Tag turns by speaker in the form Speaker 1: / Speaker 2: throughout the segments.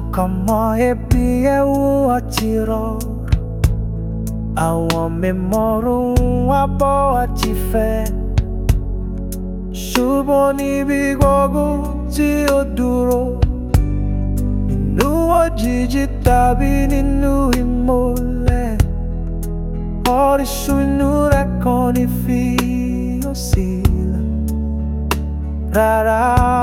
Speaker 1: Kama mokomoe pia uachiro awome moru wapo achife ṣùgbọ́n níbi gbogbo tí ó dúró nínú òjìji tàbí nínú ìmọ́lẹ̀ orísun inú rẹ̀ kan ní fi ó sílẹ̀ rárá.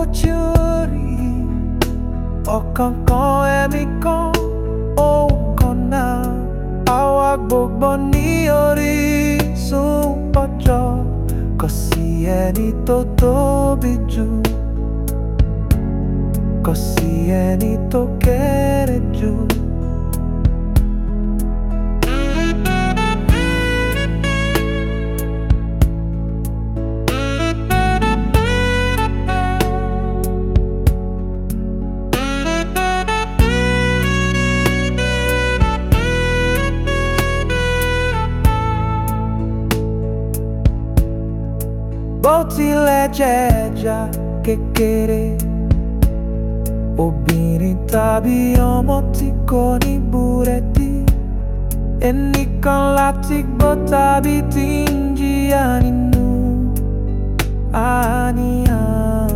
Speaker 1: ochiori ọ̀kọ̀ọ̀kan ẹ̀mí kan òun kan náà àwa gbogbo ní orísun ọjọ́ kò sí ẹni tó tóbi jù kò sí ẹni tó kéré jù. bó tilẹ̀ jẹ́ ẹja kékeré obìnrin tàbí ọmọ tí kò ní búrẹ́tì ẹnìkan láti gbọ́ tàbí tí ń jìyà nínú àníyàn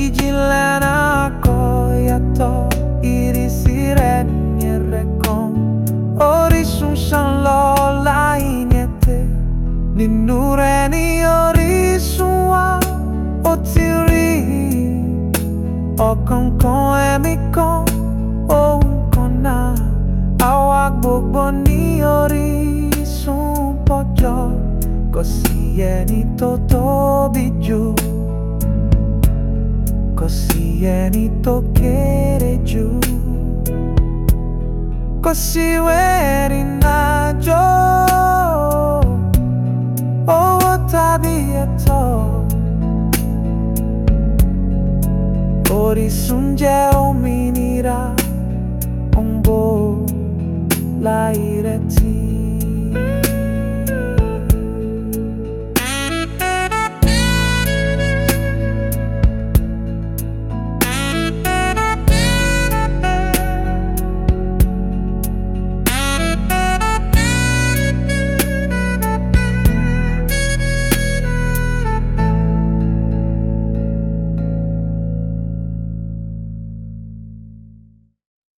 Speaker 1: ìjìnlẹ̀ náà kọ́ yàtọ̀ ìrísí rẹ̀ ní ẹ̀rẹ̀ kan orísun ṣan lọ́ọ́. ನಿನ್ನೂರೇ ನೀರಿಸುವ ಒತ್ತಿರಿ ọ̀kọ̀ọ̀kan ẹ̀mí kan ohun kan náà àwa gbogbo ní orísun pọ̀jọ́ kò sí ẹni tó tóbi jù kò sí ẹni tó kéré jù kò sí atto Orisunge ominira un